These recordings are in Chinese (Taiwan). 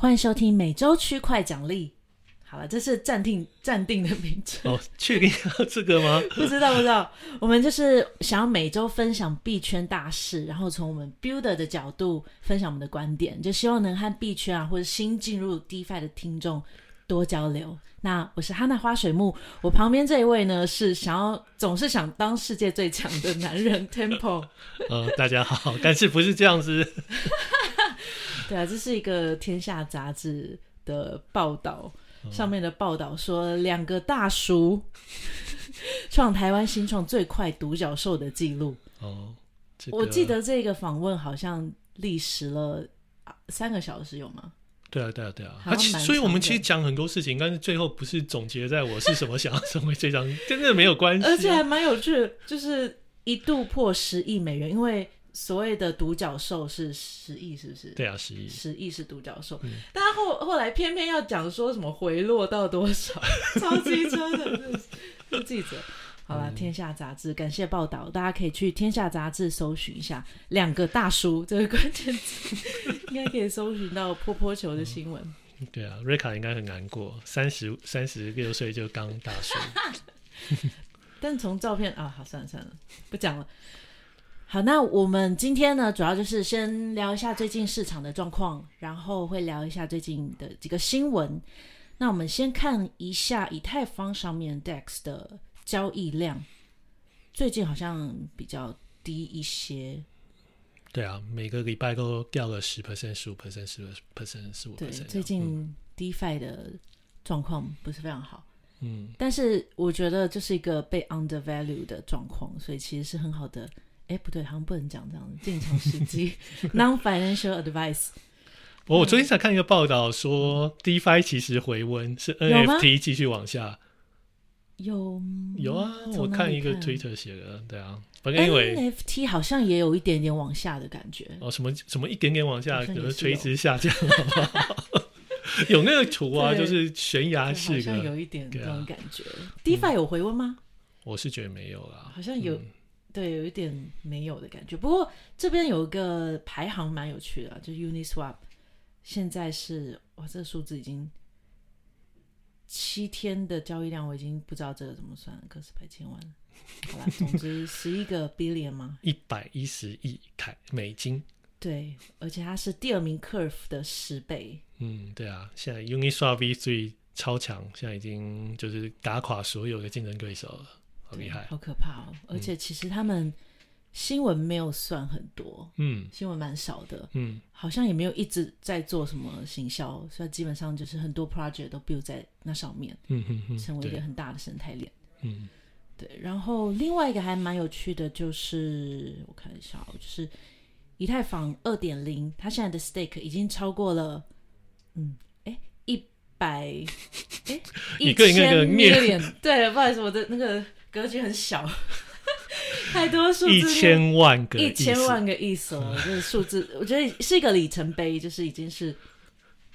歡迎收聽每週區塊獎勵。好了，這是暫定暫定的名字哦。確定要這個嗎？不知道，不知道。我們就是想要每週分享幣圈大事，然後從我們 builder 的角度分享我們的觀點，就希望能和幣圈啊或者新進入 DeFi 的聽眾多交流。那我是哈娜花水木，我旁邊這一位呢是想要總是想當世界最強的男人 Temple。嗯，大家好，但是不是這樣子？ 對啊，這是一個《天下》雜誌的報道，上面的報道說兩個大叔創台灣新創最快獨角獸的紀錄。哦，這個、我記得這個訪問好像歷時了三個小時，有嗎？對啊，對啊，對啊。而且，所以我們其實講很多事情，但是最後不是總結在我是什麼想要成為這張， 真的沒有關係。而且還蠻有趣，就是一度破十億美元，因為。所謂的獨角獸是十億，是不是？對啊，十億，十億是獨角獸。大家、嗯、後後來偏偏要講說什麼回落到多少， 超級真的 是，是記者。好了，天下雜志感謝報道，嗯、大家可以去天下雜志搜尋一下兩個大叔這個關鍵詞，應該可以搜尋到坡坡球的新聞、嗯。對啊，瑞卡應該很難過，三十三十六歲就當大叔。 但從照片啊，好算了算了，不講了。好，那我們今天呢，主要就是先聊一下最近市場的狀況，然後會聊一下最近的幾個新聞。那我們先看一下以太坊上面 DEX 的交易量，最近好像比較低一些。對啊，每個禮拜都掉個十 percent、十五 percent、十五 percent、十五 percent。對，最近 DeFi 的狀況不是非常好。嗯，但是我覺得這是一個被 undervalued 的狀況，所以其實是很好的。哎，不對，好像不能講這樣子，進場時機，non-financial advice。我昨天才看一個報道說，DeFi 其實回溫，是 NFT 繼續往下。有有啊，我看一個 Twitter 寫的，對啊，反正 NFT 好像也有一點點往下的感覺。哦，什麼什麼一點點往下，可能垂直下降，有那個圖啊，就是懸崖式的，好像有一點那種感覺。DeFi 有回溫嗎？我是覺得沒有啦，好像有。對，有一點沒有的感覺。不過這邊有一個排行蠻有趣的，啊，就是 Uniswap 現在是哇，這個數字已經七天的交易量，我已經不知道這個怎麼算了，可是百千萬。好了，總之十一個 billion 嗎？一百一十億凱美金。對，而且它是第二名 Curve 的十倍。嗯，對啊，現在 Uniswap 最超強，現在已經就是打垮所有的競爭對手了。厲害，對好可怕哦！嗯、而且其實他們新聞沒有算很多，嗯，新聞蠻少的，嗯，好像也沒有一直在做什麼行銷，所以基本上就是很多 project 都 build 在那上面，嗯哼哼，成為一個很大的生態鏈，對嗯，對。然後另外一個還蠻有趣的，就是我看一下、哦，就是以太坊二點零，它現在的 stake 已經超過了，嗯，誒，一百，100，誒1000一個，個面一個的個，對，不好意思，我的那個。格局很小， 太多數字一千萬個 ETH 一千萬個 ETH，哦、 就是數字，我覺得是一個里程碑，就是已經是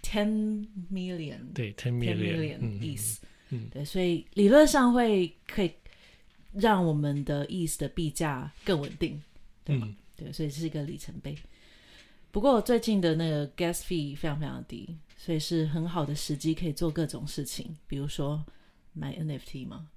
ten million 對 ten million，million ETH，嗯，嗯，對，所以理論上會可以讓我們的意、e、思的幣價更穩定，對嗎？嗯、對，所以是一個里程碑。不過最近的那個 gas fee 非常非常低，所以是很好的時機，可以做各種事情，比如說買 NFT 嘛。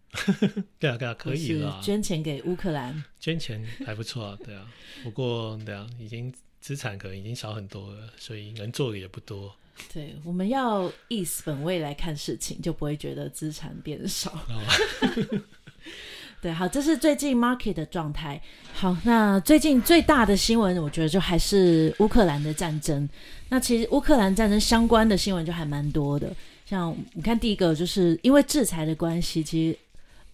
對啊， 對啊，可以了。是捐錢給烏克蘭，捐錢還不錯啊，對啊。不過，對啊，已經資產可能已經少很多了，所以能做的也不多。對，我們要以本位來看事情，就不會覺得資產變少。 對，好，這是最近 market 的狀態。好，那最近最大的新聞，我覺得就還是烏克蘭的戰爭。那其實烏克蘭戰爭相關的新聞就還蠻多的，像你看，第一個就是因為制裁的關係，其實。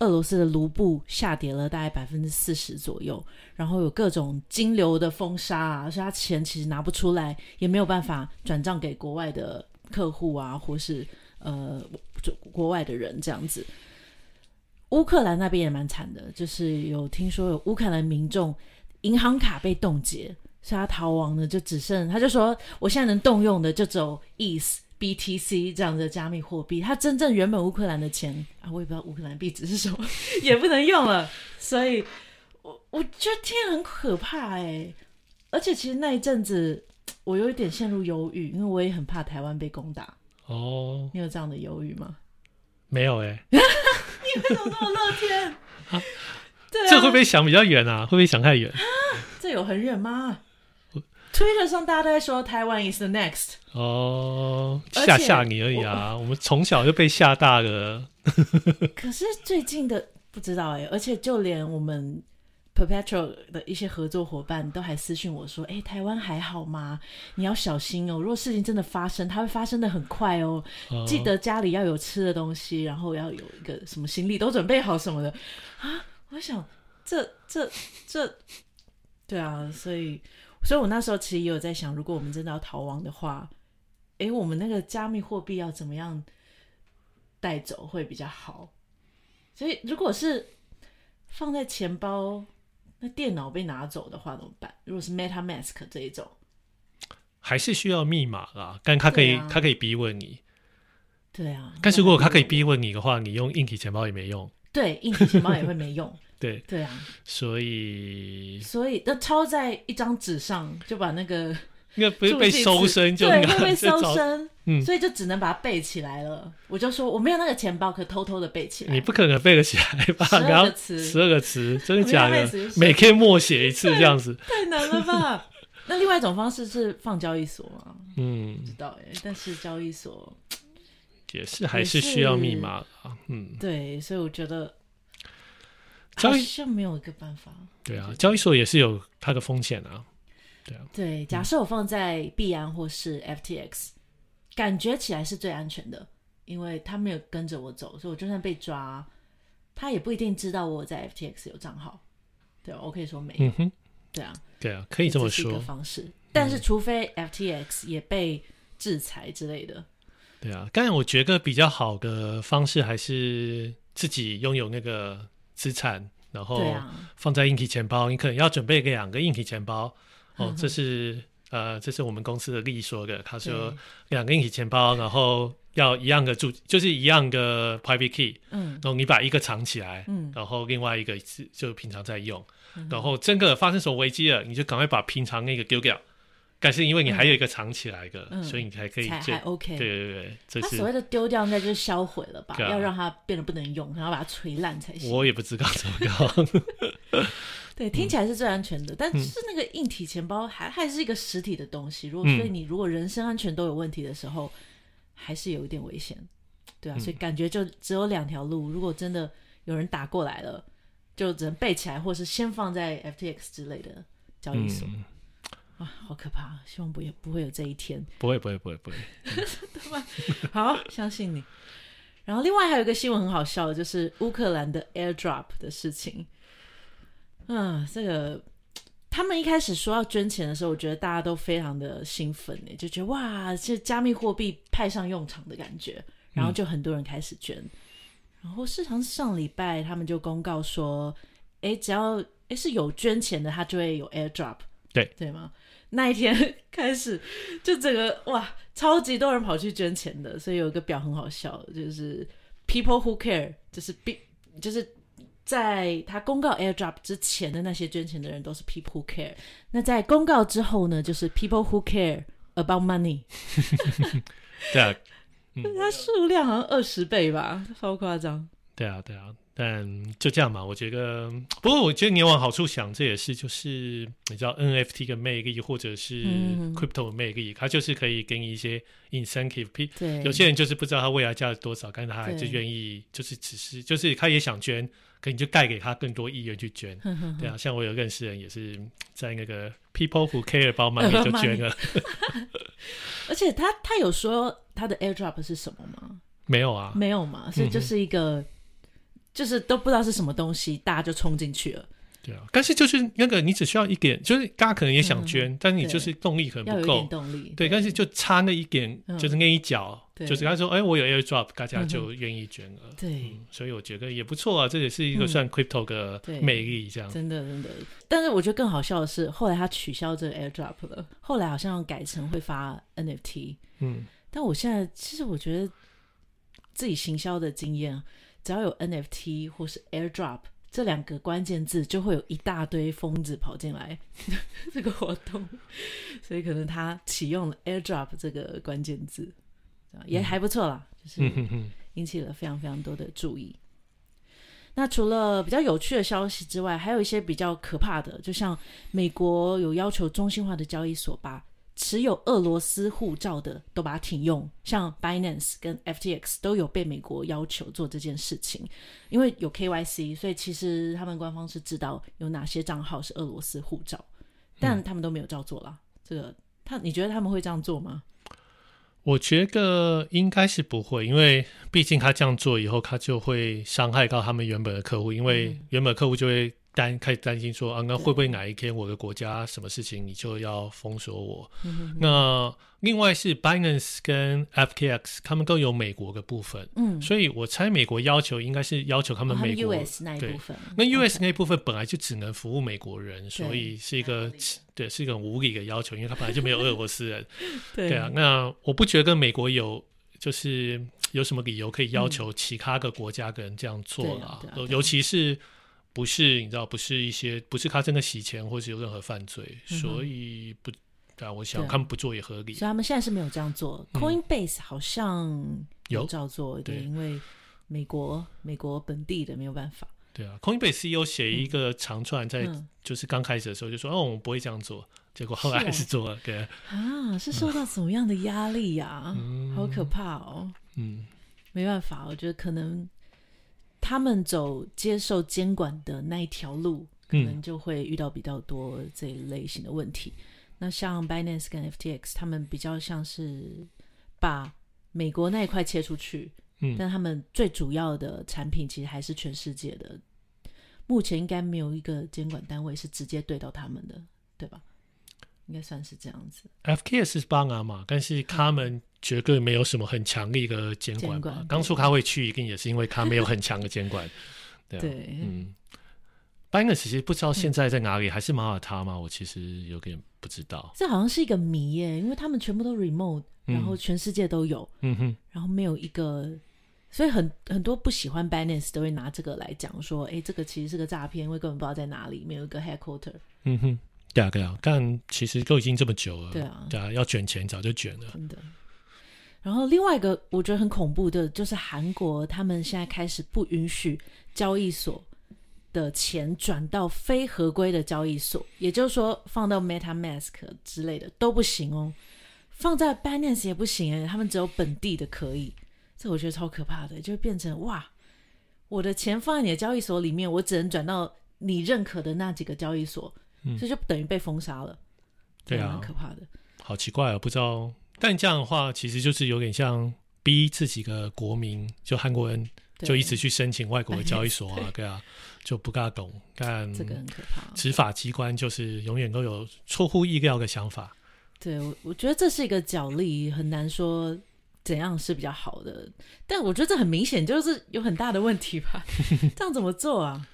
俄羅斯的盧布下跌了大概百分之四十左右，然後有各種金流的封殺啊，而且他錢其實拿不出來，也沒有辦法轉賬給國外的客戶啊，或是呃國外的人這樣子。烏克蘭那邊也蠻慘的，就是有聽說有烏克蘭民眾銀行卡被凍結，所以他逃亡的，就只剩他就說，我現在能動用的就只有 ETH。B T C 這樣的加密貨幣，它真正原本烏克蘭的錢啊，我也不知道烏克蘭幣值是什麼，也不能用了，所以我我覺得天很可怕哎、欸。而且其實那一陣子，我有一點陷入憂鬱，因為我也很怕台灣被攻打。哦，你有這樣的憂鬱嗎？沒有哎、欸， 你為什麼那麼樂天？啊啊、這會不會想比較遠啊？會不會想太遠？啊、這有很遠嗎？推特上大家都在說台灣 is the next 哦。嚇嚇你而已啊，我，我們從小就被嚇大的了。可是最近的不知道哎、欸，而且就連我們 Perpetual 的一些合作夥伴都還私訊我說：“哎、欸，台灣還好嗎？你要小心哦、喔，如果事情真的發生，它會發生的很快哦、喔。Oh. 記得家裡要有吃的東西，然後要有一個什麼行李都準備好什麼的啊。”我想這這這，對啊，所以。所以，我那時候其實也有在想，如果我們真的要逃亡的話，誒、欸，我們那個加密貨幣要怎麼樣帶走會比較好？所以，如果是放在錢包，那電腦被拿走的話怎麼辦？如果是 MetaMask 這一種，還是需要密碼啊，但他可以，啊、他可以逼問你。對啊，但是如果他可以逼問你的話，啊、你用硬體錢包也沒用，對，硬體錢包也會沒用。 對對啊，所以所以都抄在一張紙上，就把那個那個不是被搜身，就對會被搜身，嗯，所以就只能把它背起來了。我就說我沒有那個錢包，可偷偷的背起來。你不可能背得起來吧？十二個詞，十二個詞，真的假的？每天默寫一次，這樣子太難了吧？那另外一種方式是放交易所嗎？嗯，不知道哎，但是交易所也是還是需要密碼啊，嗯，對，所以我覺得。好像沒有一個辦法。對啊，交易所也是有它的風險啊。對啊，對，假設我放在幣安或是 FTX，嗯，感覺起來是最安全的，因為他沒有跟着我走，所以我就算被抓，他也不一定知道我在 FTX 有賬號。對，我可以說沒有。嗯哼。對啊，OK 嗯哼。對啊，對啊，可以這麼說。方式，嗯，但是除非 FTX 也被制裁之類的。對啊，當然，我覺得比較好的方式還是自己擁有那個。資產，然後放在硬體錢包，啊、你可能要準備兩個硬體錢包。哦，嗯、哼這是呃，這是我們公司的利益說的。他說兩個硬體錢包，對然後要一樣的注，就是一樣的 private key。嗯，然後你把一個藏起來，嗯，然後另外一個就平常在用。嗯、哼然後真的發生什麼危機了，你就趕快把平常那個丟掉。但是因為你還有一個藏起來的，嗯、所以你才可以才還 OK。對對對，這是他所謂的丟掉，那就是銷毀了吧？啊、要讓它變得不能用，然後把它錘爛才行。我也不知道怎麼搞。 對，嗯、聽起來是最安全的，但是那個硬體錢包還還是一個實體的東西。如果所以你如果人身安全都有問題的時候，嗯、還是有一點危險。對啊，嗯、所以感覺就只有兩條路。如果真的有人打過來了，就只能背起來，或是先放在 FTX 之類的交易所。嗯好可怕，希望不也不會有這一天。不會不會不會不會，不會，不會，不會。真的嗎？好，相信你。 然後另外還有一個新聞很好笑的，就是烏克蘭的 airdrop 的事情。嗯、啊、這個他們一開始說要捐錢的時候，我覺得大家都非常的興奮，呢，就覺得哇，這加密貨幣派上用場的感覺。然後就很多人開始捐。嗯、然後事實上上禮拜他們就公告說，哎、欸，只要哎、欸、是有捐錢的，他就會有 airdrop。對，對嗎？那一天開始，就整個哇，超級多人跑去捐錢的。所以有一個表很好笑，就是 people who care，就是並，就是在他公告 airdrop 之前的那些捐錢的人都是 people who care，那在公告之後呢，就是 people who care about money。 對啊， 他數量好像二十倍吧，超誇張。對啊，對啊。但就這樣嘛，我覺得。不過我覺得你往好處想，這也是就是你知道 NFT 的魅力，或者是 crypto 的魅力，嗯、哼他就是可以給你一些 incentive。對，有些人就是不知道他未來價值多少，但是他還是願意，就是只是，對就是他也想捐，可你就帶給他更多意願去捐。嗯、哼哼對啊，像我有認識人也是在那個 People Who Care about money，呃、就捐了，呃。 而且他他有說他的 airdrop 是什麼嗎？沒有啊。沒有嘛，所以就是一個、嗯。就是都不知道是什麼東西，大家就衝進去了。對啊，但是就是那個，你只需要一點，就是大家可能也想捐，嗯、但是你就是動力可能不夠。對，對對但是就差那一點，嗯、就是那一腳，對就是剛才說：“哎、欸，我有 airdrop”，大家就願意捐了、嗯。對、嗯，所以我覺得也不錯啊，這也是一個算 crypto 的魅力，這樣。嗯、真的，真的。但是我覺得更好笑的是，後來他取消這 airdrop 了，後來好像改成會發 NFT。嗯。但我現在其實我覺得自己行銷的經驗。只要有 NFT 或是 Airdrop 這兩個關鍵字，就會有一大堆瘋子跑進來這個活動，所以可能他啟用了 Airdrop 這個關鍵字，也還不錯啦，嗯、就是引起了非常非常多的注意。那除了比較有趣的消息之外，還有一些比較可怕的，就像美國有要求中心化的交易所吧。只有俄羅斯護照的都把它停用，像 Binance 跟 FTX 都有被美國要求做這件事情，因為有 KYC，所以其實他們官方是知道有哪些賬號是俄羅斯護照，但他們都沒有照做啦。嗯、這個他，你覺得他們會這樣做嗎？我覺得應該是不會，因為畢竟他這樣做以後，他就會傷害到他們原本的客戶，因為原本的客戶就會。但開始擔心說啊，那會不會哪一天我的國家什麼事情，你就要封鎖我？嗯、哼哼，那另外是 Binance 跟 FTX，他們都有美國的部分，嗯，所以我猜美國要求應該是要求他們美國，對，那 US Okay. 那一部分本來就只能服務美國人，對所以是一個對，是一個無理的要求，因為他本來就沒有俄羅斯人， 對，對啊，那我不覺得美國有就是有什麼理由可以要求其他的國家跟人這樣做了，嗯啊啊啊、尤其是。不是你知道，不是一些，不是他真的洗錢或是有任何犯罪，所以不，但我想他們不做也合理。所以他們現在是沒有這樣做。Coinbase 好像有照做，對，因為美國美國本地的沒有辦法。對啊，Coinbase CEO 寫一個長串，在就是剛開始的時候就說哦，我們不會這樣做，結果後來還是做了。對啊，啊，是受到什麼樣的壓力呀？好可怕哦。嗯，沒辦法，我覺得可能。他們走接受監管的那一條路，可能就會遇到比較多這一類型的問題。嗯、那像 Binance 跟 FTX，他們比較像是把美國那一塊切出去，嗯、但他們最主要的產品其實還是全世界的。目前應該沒有一個監管單位是直接對到他們的，對吧？應該算是這樣子。FTX 是巴哈馬，但是他們、嗯。絕對沒有什麼很強力的監管吧？剛剛說管他會去，一定也是因為他沒有很強的監管，對,對,、啊、對嗯。Binance 其實不知道現在在哪裡，嗯、還是馬爾他嗎？我其實有點不知道。這好像是一個謎耶、欸，因為他們全部都 remote，然後全世界都有，嗯哼，然後沒有一個，嗯、哼所以很很多不喜歡 Binance 都會拿這個來講說：“哎、欸，這個其實是個詐騙，因為根本不知道在哪裡，沒有一個 headquarter。嗯哼，對啊，對啊，但其實都已經這麼久了，對啊,對啊，要卷錢早就卷了，真的。然後另外一個我覺得很恐怖的就是韓國，他們現在開始不允許交易所的錢轉到非合規的交易所，也就是說放到 MetaMask 之類的都不行哦，放在 Binance 也不行哎，他們只有本地的可以。這我覺得超可怕的，就變成哇，我的錢放在你的交易所裡面，我只能轉到你認可的那幾個交易所，所，這就等於被封殺了，這蠻可怕的，嗯。對啊，可怕的，好奇怪哦，不知道。但這樣的話，其實就是有點像逼自己的國民，就韓國人就一直去申請外國的交易所啊，對,對啊，就不大懂。但這個很可怕。執法機關就是永遠都有出乎意料的想法。對，我我覺得這是一個角力，很難說怎樣是比較好的。但我覺得這很明顯就是有很大的問題吧？ 這樣怎麼做啊？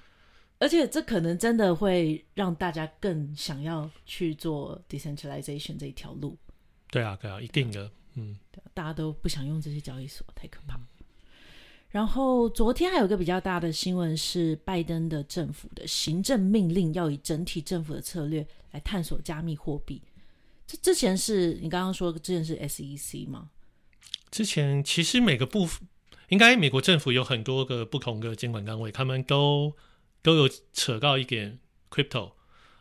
而且這可能真的會讓大家更想要去做 decentralization 這一條路。對啊，對啊，一定的，啊、嗯、啊，大家都不想用這些交易所，太可怕。然後昨天還有一個比較大的新聞是，拜登的政府的行政命令要以整體政府的策略來探索加密貨幣。這之前是你剛剛說，之前是 SEC 嗎？之前其實每個部分應該美國政府有很多個不同的監管單位，他們都都有扯到一點 crypto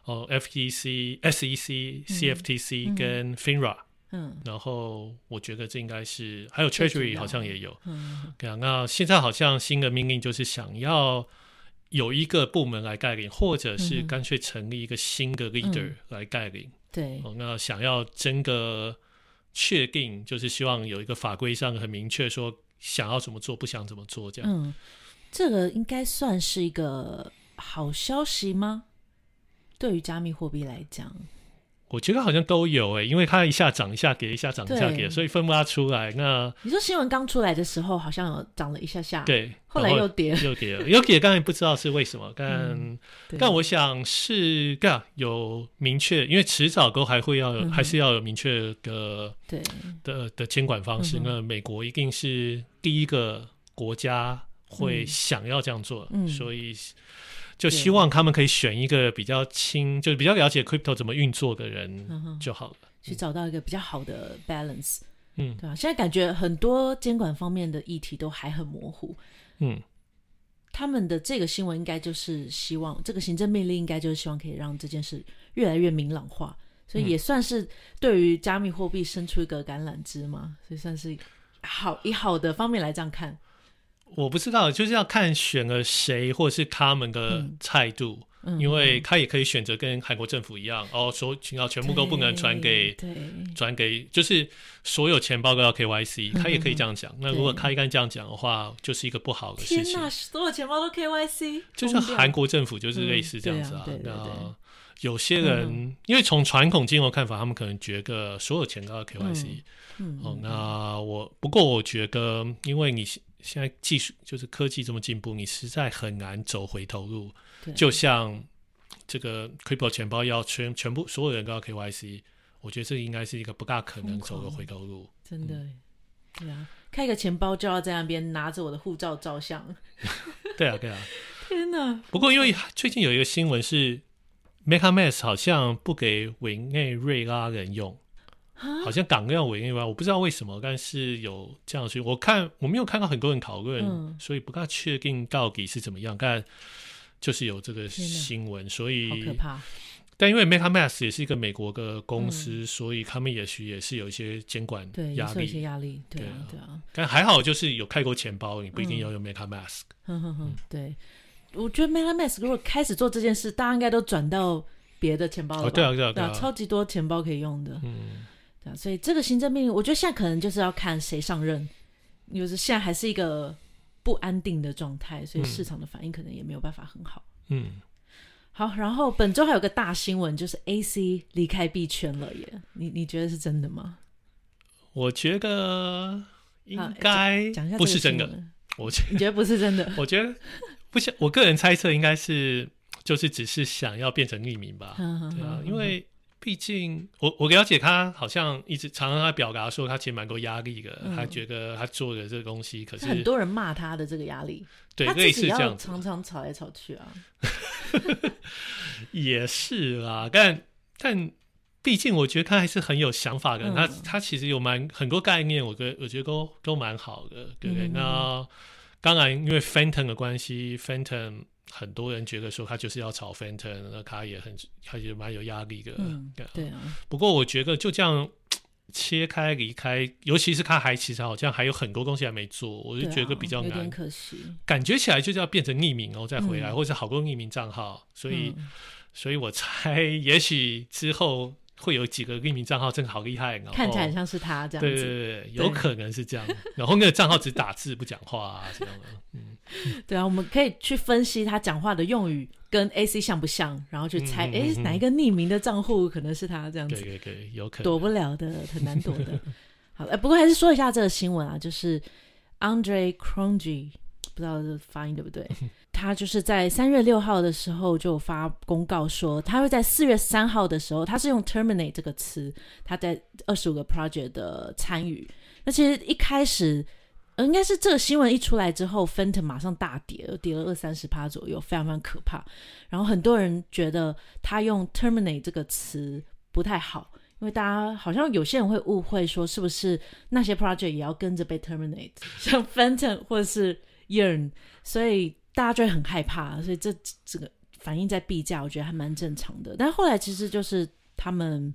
哦，FTC、EC, SEC、嗯、CFTC 跟 Finra。嗯嗯，然後我覺得這應該是，還有 Treasury 好像也有。嗯，那現在好像新的命令就是想要有一個部門來帶領，或者是乾脆成立一個新的 leader 來帶領。嗯嗯、對、哦，那想要整個確定，就是希望有一個法規上很明確，說想要怎麼做，不想怎麼做這樣。嗯，這個應該算是一個好消息嗎？對於加密貨幣來講？我覺得好像都有誒、欸，因為它一下漲一,一,一下跌，一下漲一下跌，所以分不出來。那你說新聞剛出來的時候，好像有漲了一下下，對，後來又跌了又跌了， 又跌了，剛才不知道是為什麼，但、嗯、但我想是，噶有明確，因為遲早都還會要有，嗯、哼還是要有明確的對的的監管方式。嗯、哼那美國一定是第一個國家會想要這樣做，嗯嗯、所以。就希望他們可以選一個比較輕，對就是比較了解 crypto 怎麼運作的人就好了，嗯哼嗯，去找到一個比較好的 balance，嗯，對啊，現在感覺很多監管方面的議題都還很模糊，嗯，他們的這個新聞應該就是希望這個行政命令應該就是希望可以讓這件事越來越明朗化，所以也算是對於加密貨幣伸出一個橄欖枝嘛，所以算是好以好的方面來這樣看。我不知道，就是要看選了誰，或是他們的態度，因為他也可以選擇跟韓國政府一樣，哦，所有情況全部都不能轉給，轉給，就是所有錢包都要 KYC，他也可以這樣講。那如果他一旦這樣講的話，就是一個不好的事情。所有錢包都 KYC，就像韓國政府就是類似這樣子啊。那有些人因為從傳統金融看法，他們可能覺得所有錢都要 KYC。哦，那我不過我覺得，因為你。現在技術，就是科技這麼進步，你實在很難走回頭路。對，就像這個 Crypto 錢包要全全部所有人都要 KYC，我覺得這應該是一個不大可能走的回頭路。真的，嗯、對啊，開個錢包就要在那邊拿着我的護照照相。 對啊，對啊。 天吶哪，不過因為 最近有一個新聞是 MetaMask 好像不給委內瑞拉人用。哈好像港要違約吧，我不知道為什麼，但是有這樣的事情。我看我沒有看到很多人討論，嗯、所以不太確定到底是怎麼樣。但就是有這個新聞，的所以好可怕。但因為 MetaMask 也是一個美國的公司，嗯、所以他們也許也是有一些監管壓力，對有一些壓力，對啊對啊。對啊但還好，就是有開過錢包，你不一定要用 MetaMask、嗯。哼哼哼，對，我覺得 MetaMask 如果開始做這件事，大家應該都轉到別的錢包了吧？哦、對啊對啊對啊，對啊，超級多錢包可以用的，嗯。所以這個行政命令，我覺得現在可能就是要看誰上任，因為現在還是一個不安定的狀態，所以市場的反應可能也沒有辦法很好。嗯，好，然後本周還有一個大新聞，就是 AC 離開幣圈了耶，你你覺得是真的嗎？我覺得應該、欸、不是真的。我覺得你覺得不是真的？我覺得不像，我個人猜測應該是就是只是想要變成匿名吧， 對啊，嗯、哼因為。畢竟，我我了解他，好像一直常常他表達說，他其實蠻多壓力的。嗯、他覺得他做的這個東西，可是很多人罵他的這個壓力，對，類似這樣，要常常吵來吵去啊。 也是啦,但但畢竟，我覺得他還是很有想法的。嗯、他他其實有蠻很多概念，我覺得我覺得都都蠻好的，對不對？嗯、那當然，因為 Fantom 的關係，Fantom。很多人覺得說他就是要炒 Fantom 那他也很，他也蠻有壓力的。嗯、啊對啊。不過我覺得就這樣切開離開，尤其是他還其實好像還有很多東西還沒做，我就覺得比較難，啊、可惜。感覺起來就是要變成匿名哦，再回來，嗯、或者好多匿名賬號，所以，嗯、所以我猜也許之後。會有幾個匿名賬號，真的好厲害！看起來像是他這樣子。對對，對，對有可能是這樣。對然後那個賬號只打字不講話啊， 這樣的。嗯、對啊，我們可以去分析他講話的用語跟 AC 像不像，然後去猜，哎、嗯嗯嗯，欸、哪一個匿名的賬戶可能是他這樣子？對對對，有可能。躲不了的，很難躲的。好，欸、不過還是說一下這個新聞啊，就是 Andre Cronje，不知道這個發音對不對？ 他就是在三月六號的時候就發公告說，他會在四月三號的時候，他是用 terminate 這個詞，他在二十五個 project 的參與。那其實一開始，應該是這個新聞一出來之後，Fantom 馬上大跌，跌了二三十趴左右，非常非常可怕。然後很多人覺得他用 terminate 這個詞不太好，因為大家好像有些人會誤會說，是不是那些 project 也要跟着被 terminate，像 Fantom 或是是 Yearn，所以。大家就會很害怕，所以這這個反映在幣價，我覺得還蠻正常的。但後來其實就是他們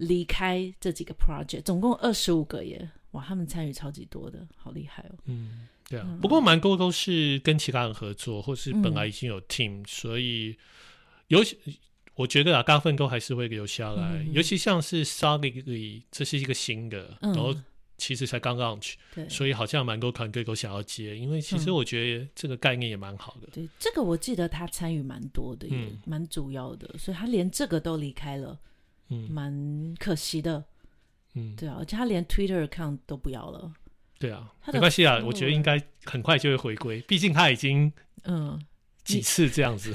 離開這幾個 project，總共二十五個耶，哇，他們參與超級多的，好厲害哦。嗯，對啊，嗯、不過蠻多都是跟其他人合作，或是本來已經有 team，、嗯、所以尤其我覺得啊，大部分都還是會留下來，嗯、尤其像是 Solidly 這是一個新的，嗯、然後。其實才剛剛去，對所以好像蠻多團隊都想要接，因為其實我覺得這個概念也蠻好的。嗯、對，這個我記得他參與蠻多的，嗯、也蠻主要的，所以他連這個都離開了，嗯，蠻可惜的。嗯，對啊，而且他連 Twitter account 都不要了。對啊，的沒關係啊，嗯、我覺得應該很快就會回歸，畢竟他已經嗯幾次這樣子。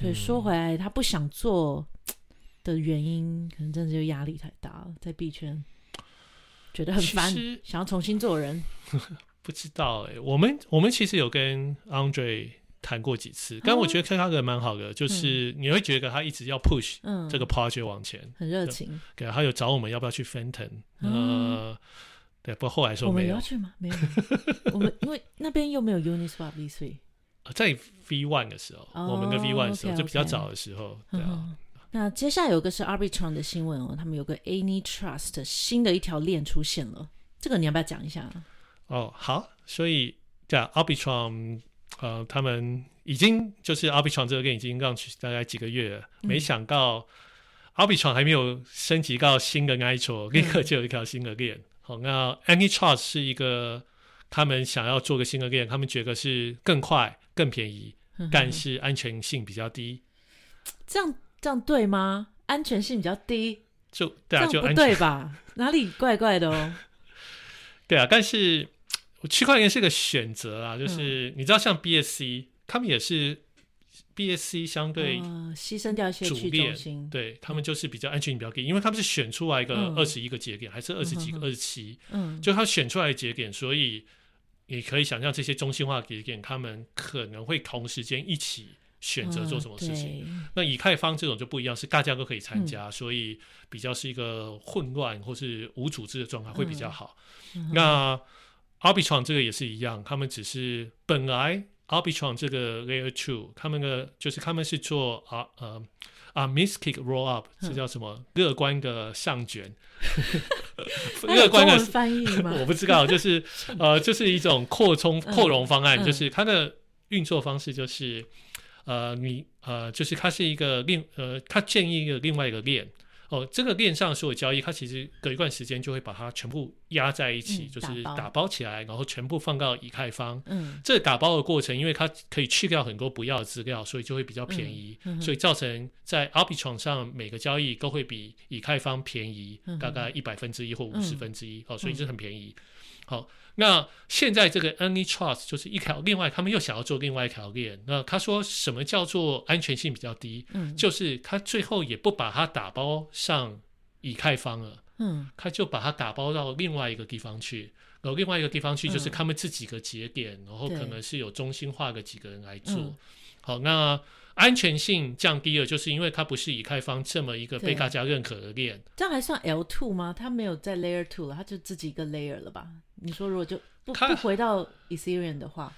你 所以說回來，他不想做的原因，可能真的就壓力太大了，在幣圈。覺得很煩，想要重新做人。不知道哎，我們我們其實有跟 Andre 談過幾次，但我覺得科卡格蠻好的，就是你會覺得他一直要 push 這個 project 往前，很熱情。對，他有找我們要不要去 Fantom，呃，對，不過後來說沒有，我們要去嗎？沒有，我們因為那邊又沒有 Uniswap V3。在 V One 的時候，我們跟 V One 的時候就比較早的時候，對啊。那接下來有個是 Arbitrum 的新聞哦，他們有個 AnyTrust 新的一條鏈出現了，這個你要不要講一下？哦，好，所以這樣 Arbitrum，呃，他們已經就是 Arbitrum 這個鏈已經讓去大概幾個月了，嗯、沒想到 Arbitrum 還沒有升級到新的 Nitro，立刻就有一條新的鏈。嗯、好，那 AnyTrust 是一個他們想要做個新的鏈，他們覺得是更快、更便宜，但是安全性比較低。呵呵這樣。這樣對嗎？安全性比較低，就對啊，就不對吧？安 哪裡怪怪的哦？ 對啊，但是區塊鏈是個選擇啊，就是、嗯、你知道，像 BSC，他們也是 BSC 相對犧、嗯、牲掉一些主鏈，對他們就是比較安全性比較低，嗯、因為他們是選出來一個二十一個節點，嗯、還是二十幾個二十七？嗯，就他選出來的節點，所以你可以想象這些中心化節點，他們可能會同時間一起。選擇做什麼事情，嗯、那以太坊這種就不一樣，是大家都可以參加，嗯、所以比較是一個混亂或是無組織的狀態會比較好。嗯嗯、那 Arbitrum 這個也是一樣，他們只是本來 Arbitrum 這個 Layer Two，他們的就是他們是做啊呃啊 Mistake Roll Up、嗯、這叫什麼樂觀的上卷？樂觀的翻譯嗎？ 我不知道，就是呃，就是一種擴充擴容方案，嗯嗯、就是它的運作方式就是。呃，你呃，就是它是一個另呃，它建議一個另外一個鏈哦，這個鏈上所有交易，它其實隔一段時間就會把它全部壓在一起，嗯、就是打包，打包起來，然後全部放到以太坊。嗯，這個打包的過程，因為它可以去掉很多不要的資料，所以就會比較便宜，嗯嗯、所以造成在 Arbitrum 上每個交易都會比以太坊便宜大概一百分之一或五十分之一，嗯、哦，所以這很便宜。好、嗯。嗯哦那現在這個 AnyTrust 就是一條，另外他們又想要做另外一條鏈。那他說什麼叫做安全性比較低？嗯，就是他最後也不把它打包上以太坊了，嗯，他就把它打包到另外一個地方去。呃，另外一個地方去就是他們自己個節點，嗯，然後可能是有中心化的幾個人來做。嗯，好，那。安全性降低了，就是因為它不是以太坊這麼一個被大家，家認可的鏈，對啊。這樣還算 L2 嗎？它沒有在 Layer 2了，它就自己一個 Layer 了吧？你說如果就不他不回到 Ethereum 的話，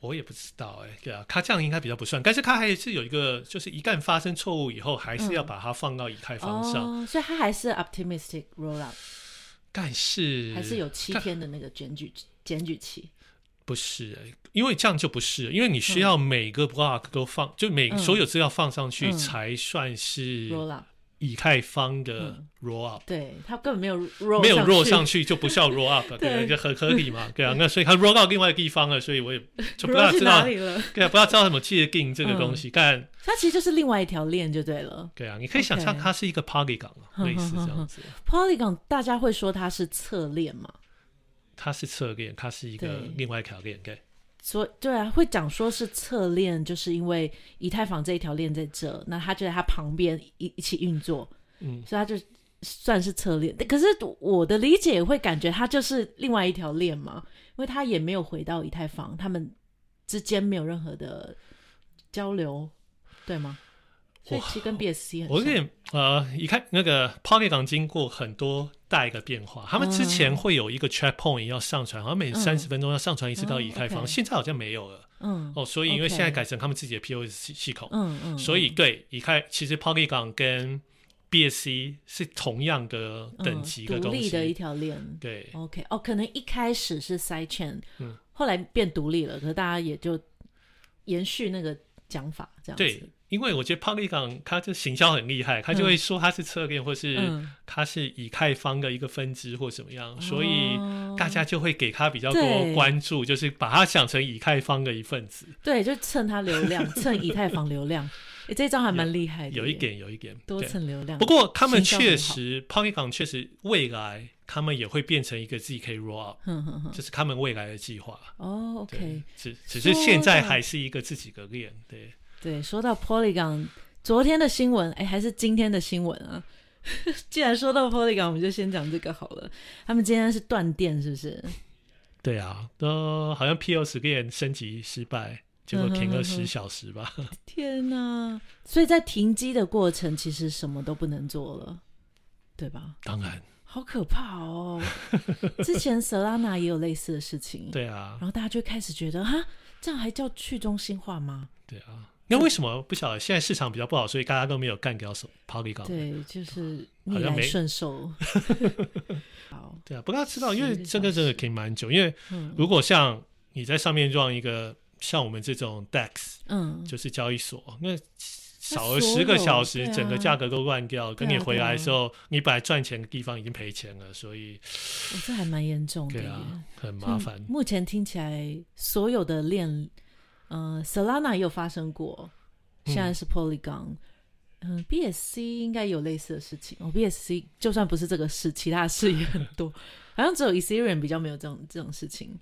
我也不知道哎、欸。對啊，它這樣應該比較不算，但是它還是有一個，就是一旦發生錯誤以後，還是要把它放到以太坊上，嗯哦，所以它還是 optimistic rollup，但是還是有七天的那個檢舉檢看舉期。不是，因為這樣就不是，因為你需要每個 block 都放，就每所有資料放上去才算是以太坊的 roll up。對，它根本沒有 roll，沒有 roll 上去就不叫 roll up，很合理嘛。對啊，那所以它 roll 到另外的地方了，所以我也就不知道，對啊，不要知道怎麼界定這個東西。但它其實就是另外一條鏈就對了。對啊，你可以想象它是一個 polygon 類似這樣子。polygon 大家會說它是側鏈嘛？它是側鏈，它是一個另外一條鏈。所以對，Okay、so, 對啊，會講說是側鏈，就是因為以太坊這一條鏈在這，那它就在它旁邊一一起運作，嗯，所以它就算是側鏈。可是我的理解會感覺它就是另外一條鏈嘛，因為它也沒有回到以太坊，他們之間沒有任何的交流，對嗎？所以其實跟 BSC 很像。我有點呃，一看那個 Polygon 經過很多大一個變化，他們之前會有一個 checkpoint 要上傳，好像、嗯、每三十分鐘要上傳一次到以太坊，嗯嗯、okay, 現在好像沒有了。嗯，哦，所以因為現在改成他們自己的 POS 系系統，嗯嗯，嗯所以對以太，其實 Polygon 跟 BSC 是同樣的等級的東西，獨、嗯、立的一條鏈。對，OK，哦、oh,，可能一開始是 side chain，嗯，後來變獨立了，可是大家也就延續那個講法，這樣子對。因為我覺得 Polygon，它這行銷很厲害，它就會說它是側鏈或是它是以太坊的一個分支，或怎麼樣，所以大家就會給它比較多關注，就是把它想成以太坊的一份子。對，就蹭它流量，蹭以太坊流量，這招還蠻厲害。有一點，有一點，多蹭流量。不過他們確實，Polygon 確實未來他們也會變成一個 ZK rollup，這是他們未來的計劃。哦，OK，只只是現在還是一個自己的鏈，對。對，說到 Polygon，昨天的新聞，哎，還是今天的新聞啊？ 既然說到 Polygon，我們就先講這個好了。他們今天是斷電，是不是？對啊，都好像 PO 十變升級失敗，結果停了十小時吧。嗯、哼哼天啊， 所以在停機的過程，其實什麼都不能做了，對吧？當然，好可怕哦。 之前 Solana 也有類似的事情，對啊。然後大家就開始覺得，哈，這樣還叫去中心化嗎？對啊。那為什麼不曉得？現在市場比較不好，所以大家都沒有幹掉手，Polygon，對，就是逆來順手好, 好，對啊，不太知道，是因為真的真的停蠻久。嗯、因為如果像你在上面撞一個，像我們這種 DEX，嗯，就是交易所，那少了十個小時，啊、整個價格都亂掉。等你回來的時候，啊啊、你本來賺錢的地方已經賠錢了，所以，哦、這還蠻嚴重的，對啊，很麻煩。目前聽起來，所有的鏈。嗯，Solana、uh, 也有發生過，嗯、現在是 Polygon，嗯、uh,，BSC 應該有類似的事情。哦、oh,，BSC 就算不是這個事，其他事也很多， 好像只有 Ethereum 比較沒有這種這種事情。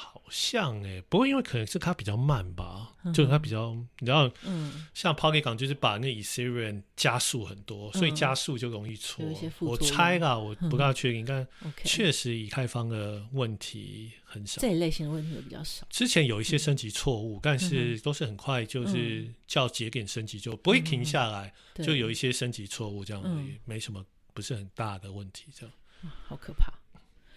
好像哎，不過因為可能是它比較慢吧，就是它比較，你知道，嗯，像 Pocket 港就是把那 e c e r e n 加速很多，所以加速就容易錯。我猜啦，我不大確定，但確實以太坊的問題很少，這類型的問題比較少。之前有一些升級錯誤，但是都是很快，就是叫節點升級就不會停下來，就有一些升級錯誤這樣，沒什麼不是很大的問題，這樣。好可怕。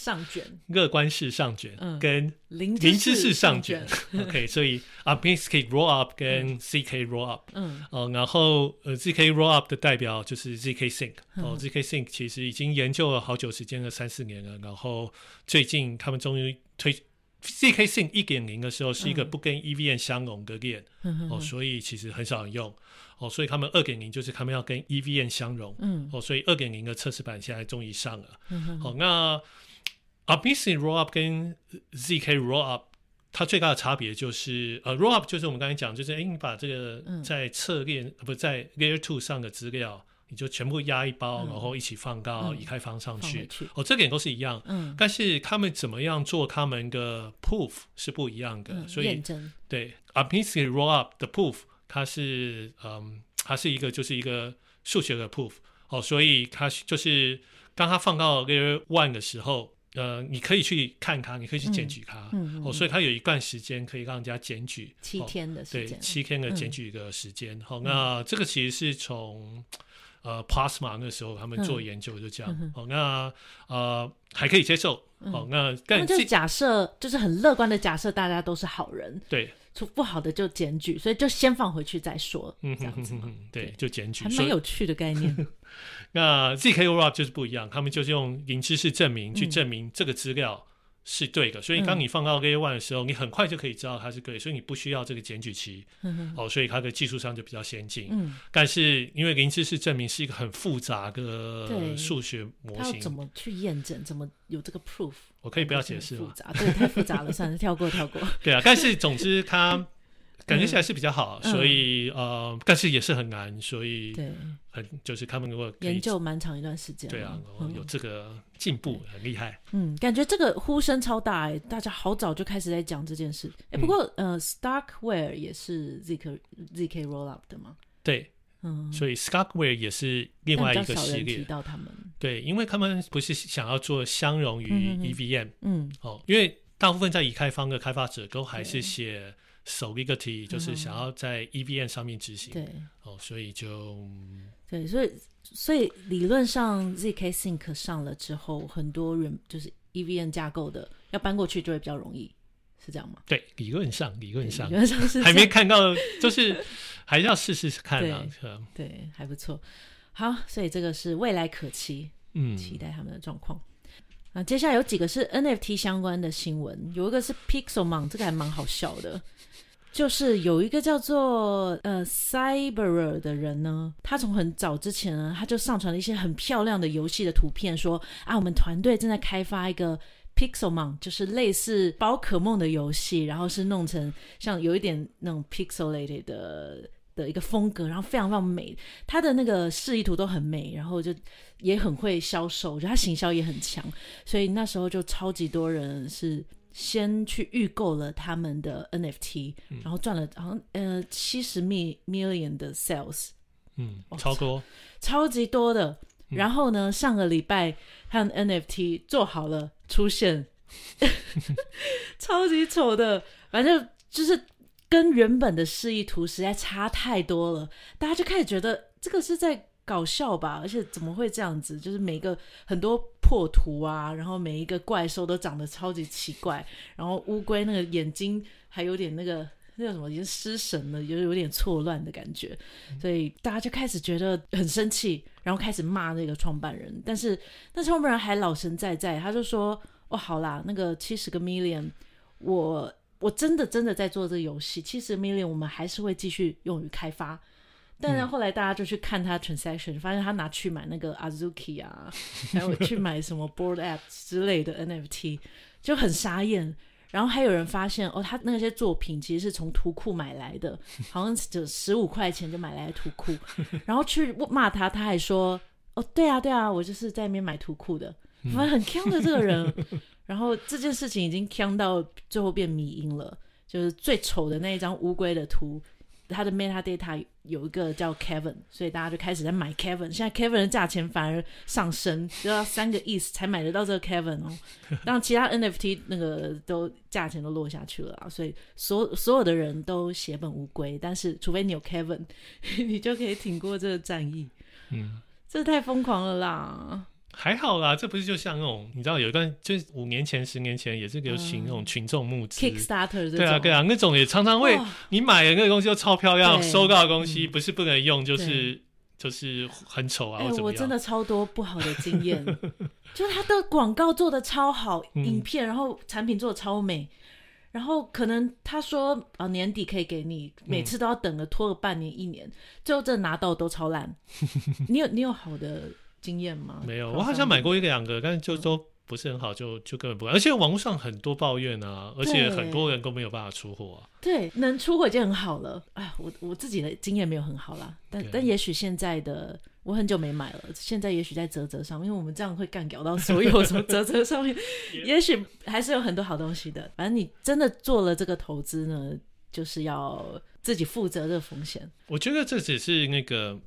上卷樂觀式上卷跟零知識上卷，OK，所以 a p i n s c a Roll Up 跟 ZK Roll Up，嗯，哦，然後呃 ZK Roll Up 的代表就是 ZK Sync，哦，ZK Sync 其實已經研究了好久時間了，三四年了，然後最近他們終於推 ZK Sync 一點零的時候是一個不跟 EVM 相容的鏈，哦，所以其實很少人用，哦，所以他們二點零就是他們要跟 EVM 相容，嗯，哦，所以二點零的測試版現在終於上了，好那。Obviously roll up 跟 ZK roll up，它最大的差別就是，呃，roll up 就是我們剛才講，就是誒、欸、你把這個在側鏈、嗯呃、不在 Layer Two 上的資料，你就全部壓一包，嗯、然後一起放到以太坊上去。嗯、去哦，這點、個、都是一樣。嗯。但是他們怎麼樣做他們的 proof 是不一樣的，嗯、所以對 Obviously roll up 的 proof，它是嗯，它是一個就是一個數學的 proof。哦，所以它是就是當它放到 Layer One 的時候。呃，你可以去看他，你可以去檢舉他，嗯嗯、哦，所以他有一段時間可以讓人家檢舉，七天的時間、哦，對，七天的檢舉的時間。好、嗯哦，那這個其實是從呃 Plasma 那時候他們做研究就這樣。好、嗯嗯哦，那呃還可以接受。好、嗯哦，那他、嗯、但、那就就是假設，嗯、就是很樂觀的假設，大家都是好人。對。不好的就檢舉，所以就先放回去再說，嗯哼嗯哼，這樣子。對，就檢舉，還蠻有趣的概念。呵呵，那 ZK Rollup 就是不一樣，他們就是用零知識證明去證明這個資料。嗯。是對的，所以當你放到 L1 的時候，嗯、你很快就可以知道它是對，所以你不需要這個檢舉期。嗯、哼哦，所以它的技術上就比較先進。嗯。但是因為零知識證明是一個很複雜的數學模型，它要怎麼去驗證？怎麼有這個 proof？我可以不要解釋嗎？複雜對，太複雜了， 算了，跳過，跳過。對啊，但是總之它。 感覺起來是比較好，所以呃，但是也是很難，所以對，很就是他們如果研究蠻長一段時間，對啊，有這個進步很厲害。嗯，感覺這個呼聲超大哎，大家好早就開始在講這件事。哎，不過呃，Starkware 也是 ZK ZK Rollup 的嗎？對，嗯，所以 Starkware 也是另外一個系列。提到他們，對，因為他們不是想要做相容於 EVM，嗯，哦，因為大部分在以太坊的開發者都還是寫。Solidity，就是想要在 EVM 上面執行，對，嗯哼，哦，所以就對，所以所以理論上 ZK Sync 上了之後，很多人就是 EVM 架構的要搬過去就會比較容易，是這樣嗎？對，理論上，理論上，理論上是還沒看到，就是還要試試看啊 對，對，還不錯，好，所以這個是未來可期，嗯，期待他們的狀況。啊，接下來有幾個是 NFT 相關的新聞，有一個是 Pixelmon，這個還蠻好笑的，就是有一個叫做呃 Cyber 的人呢，他從很早之前呢，他就上傳了一些很漂亮的遊戲的圖片說，說啊，我們團隊正在開發一個 Pixelmon，就是類似寶可夢的遊戲，然後是弄成像有一點那種 pixelated 的。的一個風格，然後非常非常美，他的那個示意圖都很美，然後就也很會銷售，我覺得他行銷也很強，所以那時候就超級多人是先去預購了他們的 NFT，嗯、然後賺了，好像呃七十 mil million 的 sales，嗯，超多、哦，超級多的。然後呢，嗯、上個禮拜他的 NFT 做好了，出現 超級醜的，反正就是。跟原本的示意圖實在差太多了，大家就開始覺得這個是在搞笑吧？而且怎麼會這樣子？就是每一個，很多破圖啊，然後每一個怪獸都長得超級奇怪，然後烏龜那個眼睛，還有點那個那個什麼已經失神了，有有點錯亂的感覺，所以大家就開始覺得很生氣，然後開始罵那個創辦人。但是，但是創辦人還老神在在，他就說：“哦，好啦，那個七十個 million 我。”我真的真的在做這個遊戲，其實 Million 我們還是會繼續用於開發，但是後來大家就去看他 Transaction，嗯、發現他拿去買那個 Azuki 啊， 還有去買什麼 Board App 之類的 NFT，就很傻眼。然後還有人發現哦，他那些作品其實是從圖庫買來的，好像就十五塊錢就買來圖庫，然後去罵他，他還說哦，對啊對啊，我就是在那邊買圖庫的，反正很 Q 的這個人。 然後這件事情已經嗆到最後變迷因了，就是最醜的那一張烏龜的圖，它的 metadata 有一個叫 Kevin，所以大家就開始在買 Kevin。現在 Kevin 的價錢反而上升，就要三個 e 思才買得到這個 Kevin 哦，讓其他 NFT 那個都價錢都落下去了啊！所以所所有的人都血本無歸，但是除非你有 Kevin， 你就可以挺過這個戰役。嗯，這太瘋狂了啦！還好啦，這不是就像那種你知道有一段就是五年前、十年前也是流行那種群眾募資，Kickstarter 對啊對啊，那種也常常會你買的那個東西都超漂亮，收到的東西不是不能用，就是就是很醜啊，我真的超多不好的經驗，就他的廣告做的超好，影片然後產品做的超美，然後可能他說啊年底可以給你，每次都要等了拖了半年一年，最後這拿到都超爛，你有你有好的？經驗嗎？沒有，我好像買過一個兩個，但是就，就都不是很好，就就根本不敢。而且網路上很多抱怨啊，對而且很多人都沒有辦法出貨、啊。對，能出貨已經很好了。哎，我我自己的經驗沒有很好啦，但對但也許現在的我很久沒買了，現在也許在嘖嘖上，因為我們這樣會幹掉到所有。 什麼嘖嘖上面，也許還是有很多好東西的。反正你真的做了這個投資呢，就是要自己負責的風險。我覺得這只是那個。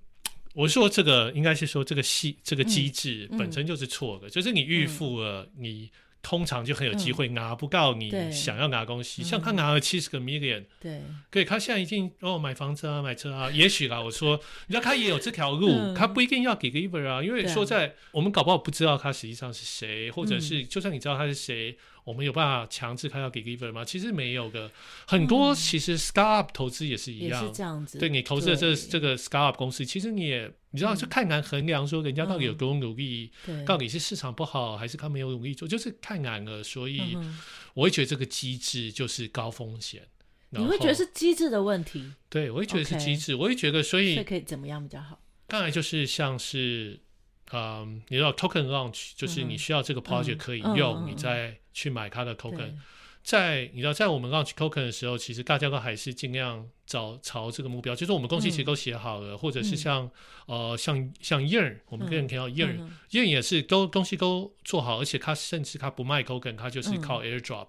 我說這個應該是說，這個機這個機制本身就是錯的，嗯嗯、就是你預付了，嗯、你通常就很有機會拿不到你想要拿東西。嗯、像他拿了七十個 million、嗯、對，對他現在已經哦買房子啊買車啊，對也許啦。我說，對你知道他也有這條路，嗯、他不一定要給個 deliver 啊，因為說在我們搞不好不知道他實際上是誰，或者是就算你知道他是誰。嗯我們有辦法強制他要給給付嗎？其實沒有的。很多其實 startup 投資也是一樣。嗯、也是這樣子。對你投資這對這個 startup 公司，其實你也你知道，就太難衡量說人家到底有多努力，嗯、到底是市場不好還是他沒有努力做，就是太難了。所以我會覺得這個機制就是高風險。你會覺得是機制的問題？對，我會覺得是機制。Okay, 我會覺得所，所以可以怎麼樣比較好？當然就是像是，嗯、呃，你知道 Token Launch，就是你需要這個 Project、嗯、可以用，嗯嗯、你在。去買他的 token，< 對 S 1> 在你知道，在我們 launch token 的時候，其實大家都還是儘量。找朝這個目標，就是我們公司其實都寫好了，或者是像呃像像 Yearn，我們個人提到 Yearn，Yearn 也是都東西都做好，而且他甚至他不賣 token，他就是靠 airdrop，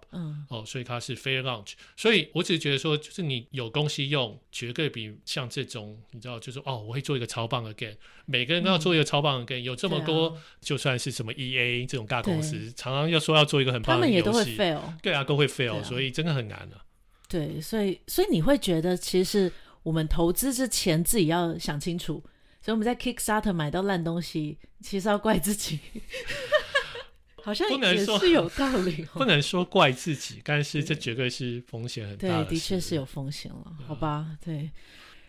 哦，所以他是 fair launch。所以我只是覺得說，就是你有東西用，絕對比像這種你知道，就是哦，我會做一個超棒的 game，每個人都要做一個超棒的 game。有這麼多，就算是什麼 EA 這種大公司，常常要說要做一個很棒的遊戲，對啊，都會 fail，所以真的很難了對，所以所以你會覺得，其實我們投資之前自己要想清楚。所以我們在 Kickstarter 買到爛東西，其實要怪自己。 好像也是有道理，哦不。不能說怪自己，但是這絕對是風險很大對。對，的確是有風險了，好吧？嗯、對。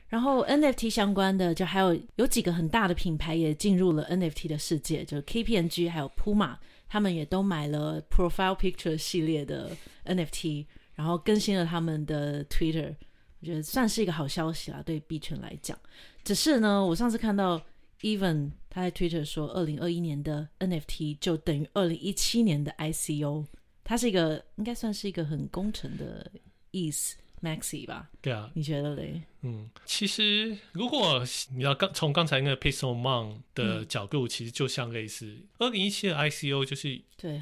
然後 NFT 相關的，就還有有幾個很大的品牌也進入了 NFT 的世界，就是 KPMG，還有 Puma，他們也都買了 Profile Picture 系列的 NFT。然後更新了他們的 Twitter，我覺得算是一個好消息啦，對幣圈來講。只是呢，我上次看到 Evan 他在 Twitter 說，二零二一年的 NFT 就等於二零一七年的 ICO，它是一個應該算是一個很工程的意思。Maxi 吧，對啊，你覺得嘞？嗯，其實如果你要剛從剛才那個 Pixelmon 的角度，嗯、其實就像類似二零一七的 ICO，就是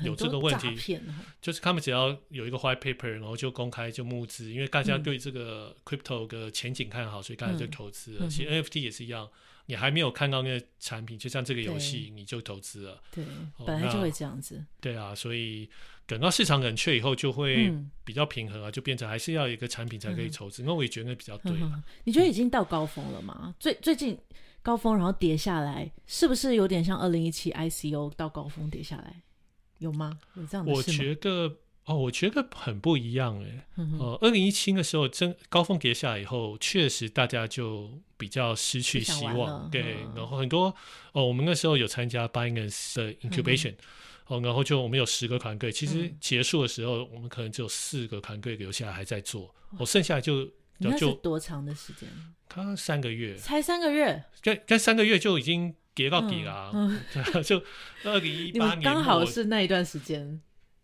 有這個問題，就是他們只要有一個 white paper，然後就公開就募資，因為大家對這個 crypto 的前景看好，嗯、所以大家就投資。嗯、其實 NFT 也是一樣。你還沒有看到那個產品，就像這個遊戲，對你就投資了。對，哦、本來就會這樣子。對啊，所以等到市場冷卻以後，就會比較平衡啊，嗯、就變成還是要一個產品才可以投資。嗯、那我也覺得比較對、嗯嗯。你覺得已經到高峰了嗎？最、嗯、最近高峰，然後跌下來，是不是有點像二零一七 ICO 到高峰跌下來？有嗎？有這樣子？我覺得。哦，我覺得很不一樣哎。哦，二零一七的時候，真高峰跌下來以後，確實大家就比較失去希望，對。然後很多哦，我們那時候有參加 Binance 的 Incubation，哦，然後就我們有十個團隊，其實結束的時候，我們可能只有四個團隊留下來還在做，哦，剩下就那是多長的時間？剛剛三個月，才三個月，該該三個月就已經跌到底了，就二零一八年剛好是那一段時間。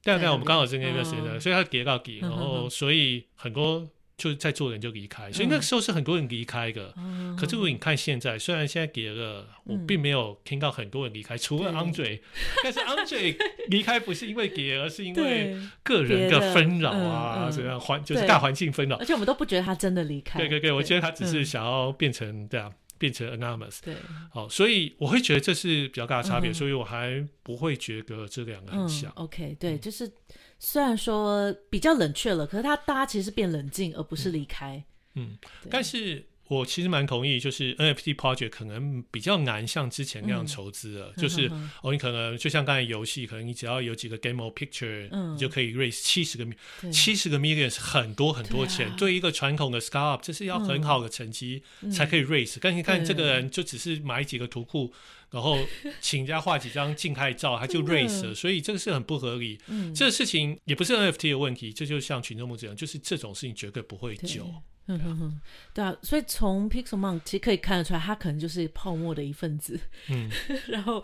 現在我們剛好是那個時代，所以他跌到底，然後所以很多就在座的人就離開，所以那個時候是很多人離開的。可是你看現在，雖然現在跌了，我並沒有聽到很多人離開，除了 Andre，但是 Andre 離開不是因為跌，而是因為個人的紛擾啊，怎樣環就是大環境紛擾。而且我們都不覺得他真的離開。對對對，我覺得他只是想要變成這樣。變成 anonymous，對，好，所以我會覺得這是比較大的差別，嗯、所以我還不會覺得這兩個很像。嗯、OK，對，嗯、就是雖然說比較冷卻了，可是他大家其實是變冷靜，而不是離開。嗯。嗯，對，但是。我其實蠻同意，就是 NFT project 可能比較難像之前那樣籌資了。就是哦，你可能就像剛才遊戲，可能你只要有幾個 game or picture，你就可以 raise 七十個七十個 million 是很多很多錢。對一個傳統的 startup 這是要很好的成績才可以 raise。但你看這個人就只是買幾個圖庫，然後請人家畫幾張靜態照，他就 raise 了，所以這個是很不合理。這個事情也不是 NFT 的問題，這就像群眾募資樣，就是這種事情絕對不會久。嗯哼哼，對啊，所以從 Pixelmon 其實可以看得出來，它可能就是泡沫的一份子。嗯， 然後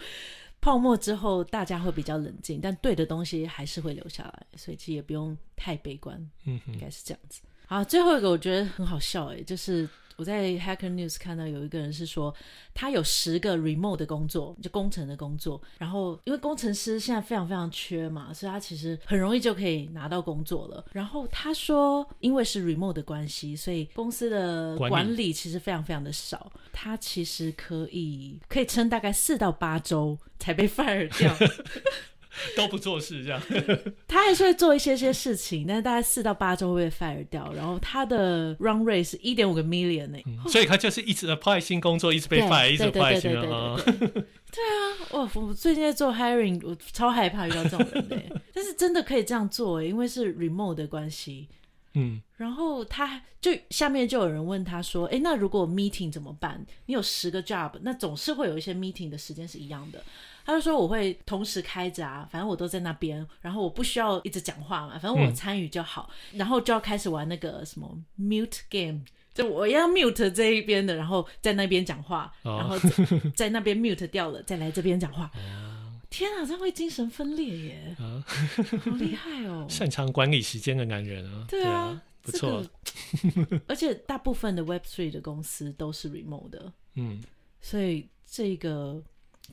泡沫之後，大家會比較冷靜，但對的東西還是會留下來，所以其實也不用太悲觀。嗯哼，應該是這樣子。好，最後一個我覺得很好笑哎，就是。我在 Hacker News 看到有一個人是說，他有十個 remote 的工作，就工程的工作。然後因為工程師現在非常非常缺嘛，所以他其實很容易就可以拿到工作了。然後他說，因為是 remote 的關係，所以公司的管理其實非常非常的少。他其實可以可以撐大概四到八週才被 fire 掉。 都不做事這樣，他還是會做一些些事情， 但是大概四到八週會被 fire 掉。然後他的 run rate 是一點五個 million 呢、欸，嗯哦、所以他就是一直 apply 新工作，一直被 fire，對一直 apply 新的啊。對啊，哇，我我最近在做 hiring，我超害怕遇到這種人呢、欸。 但是真的可以這樣做、欸，因為是 remote 的關係，嗯。然後他就下面就有人問他說：“哎、欸，那如果 meeting 怎麼辦？你有十個 job，那總是會有一些 meeting 的時間是一樣的。”他就說我會同時開着啊，反正我都在那邊，然後我不需要一直講話嘛，反正我參與就好。嗯、然後就要開始玩那個什麼 mute game，就我要 mute 這一邊的，然後在那邊講話，哦、然後在， 在那邊 mute 掉了，再來這邊講話。哎、呀天啊，這樣會精神分裂耶！啊、 好厲害哦，擅長管理時間的男人啊。對啊，不錯。 而且大部分的 Web Three 的公司都是 remote 的，嗯，所以這個。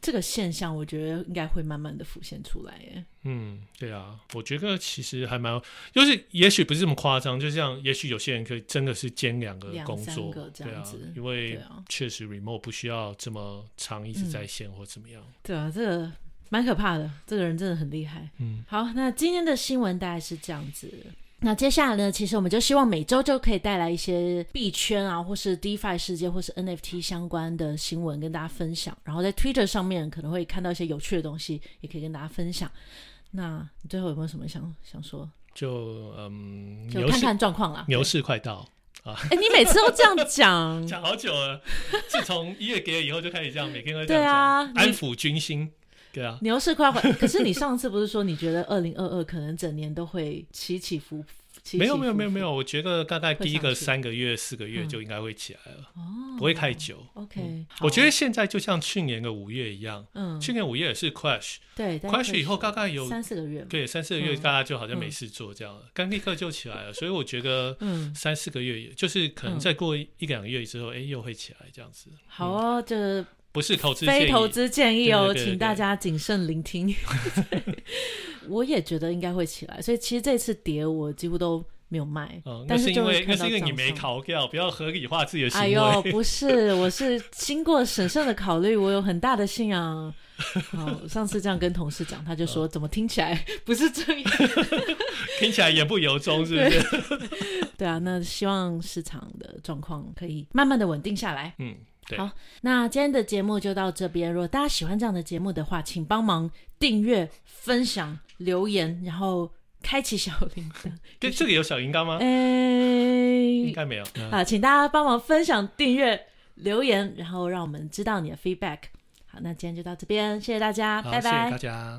這個現象，我覺得應該會慢慢的浮現出來。耶。嗯，對啊，我覺得其實還蠻，就是也許不是這麼誇張，就像也許有些人可以真的是兼兩個工作，這樣子，對啊，因為確實 remote 不需要這麼長一直在線、嗯、或怎麼樣。對啊，這個蠻可怕的，這個人真的很厲害。嗯，好，那今天的新聞大概是這樣子。那接下來呢？其實我們就希望每周就可以帶來一些幣圈啊，或是 DeFi 世界，或是 NFT 相關的新聞跟大家分享。然後在 Twitter 上面可能會看到一些有趣的東西，也可以跟大家分享。那你最後有沒有什麼想想說？就嗯，呃、就看看狀況啦。牛市快到啊！哎對對、欸，你每次都這樣講，講 好久了。自從一月底以後就開始這樣，每天都這樣講，對啊、安撫軍心。對啊，牛市快回。可是你上次不是說你覺得二零二二可能整年都會起起伏？沒有沒有沒有沒有，我覺得大概第一個三個月四個月就應該會起來了，不會太久。OK，我覺得現在就像去年的五月一樣，嗯，去年五月也是 crash，對，crash 以後大概有三四個月，對，三四個月大家就好像沒事做這樣，剛立刻就起來了，所以我覺得三四個月也就是可能再過一兩個月之後，哎，又會起來這樣子。好哦，這。不是投資非投資建議哦，對對對對對，請大家謹慎聆聽。 我也覺得應該會起來，所以其實這次跌我幾乎都沒有賣。哦、但是,是,、哦、是因為那是因為你沒逃掉，不要合理化自己的行為。哎呦，不是，我是經過審慎的考慮，我有很大的信仰。 好，上次這樣跟同事講，他就說、哦、怎麼聽起來不是這樣， 聽起來言不由衷，是不是？對, 對啊，那希望市場的狀況可以慢慢的穩定下來。嗯。對好，那今天的節目就到這邊。如果大家喜歡這樣的節目的話，請幫忙訂閱、分享、留言，然後開啟小鈴鐺。對，這個有小鈴鐺嗎？哎、欸，應該沒有。好、嗯啊，請大家幫忙分享、訂閱、留言，然後讓我們知道你的 feedback。好，那今天就到這邊，謝謝大家，好拜拜。謝謝大家。